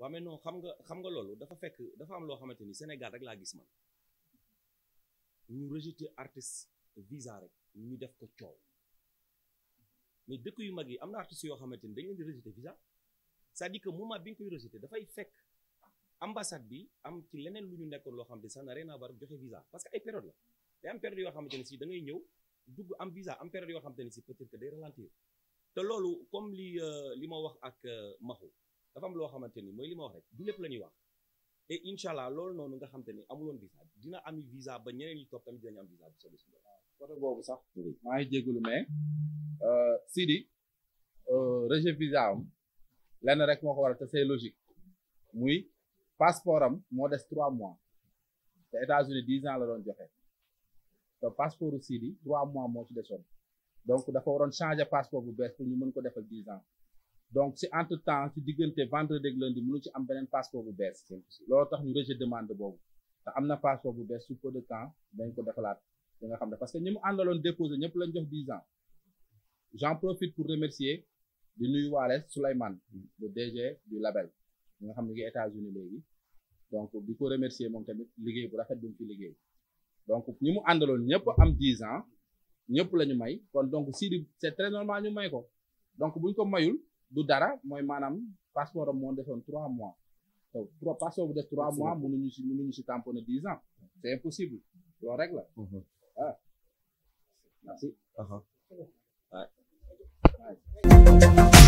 waa mais non xam nga xam nga loolu dafa fekk dafa am loo xamante ni Sénégal rek laa gis man ñu rejeté artiste visa rek ñu def ko coow mais dëkk yu mag yi am na artistes yoo xamante ni dañ leen di rejeté visa c'est-à-dire que bi nga koy rejeté dafay fekk ambassade bi am ci leneen lu ñu nekkoon loo xamante ni ça n'a rien à voir joxe visa parce que ay période la day am période yoo xamante ni si da ngay ñëw dugg am visa am période yoo xamante ni si peut-être que day te loolu comme li euh, li ma wax ak euh, Maxu xamante ni mooy li ma wax rek du lépp la ñuy wax et incha allah loolu noonu nga xamante ni amuloon visa dina ami visa ba ñeneen ñi topp tamit dinañu am visa bu soobee suñu ah, côté boobu sax maa ngi mais euh, Sidi euh, rejet visa rek moo ko muy passeport am moo des trois mois te États-Unis dix ans la doon joxe te moo ci desoon donc dafa waroon changer passeport bu bees pour ñu mën ko defal dix donc si entre temps ci diggante vendredi ak mu mënu ci am beneen passeport bu bees loolu tax ñu rejet demande boobu te am na passeport bu bees sous peu de temps dañ ko defalaat li nga xam ne parce que ñi mu àndaloon déposé ñëpp lañ jox 10 ans pour remercier di nuyu waale Souleymane le DG du label ñi nga xam ne ngi États-Unis léegi donc di ko remercier moom tamit liggéey bu rafet bu mu fi liggéey donc ñi mu àndaloon ñëpp am 10 ans ñëpp la ñu may kon donc Sidy c'est très normal ñu may ko donc buñ ko mayul du dara mooy maanaam passeport am moo defoon trois mois donc trois passeport bu def trois mois mënuñu si mënuñu si tamponné dix ans c'est impossible loolu rek la mhm. ah merci. Uh-huh.